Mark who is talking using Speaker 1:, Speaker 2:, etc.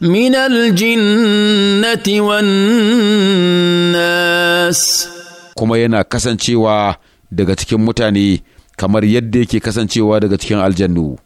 Speaker 1: من الجنة والناس kuma yana kasancewa daga cikin mutane kamar yadda yake
Speaker 2: kasancewa daga cikin aljannu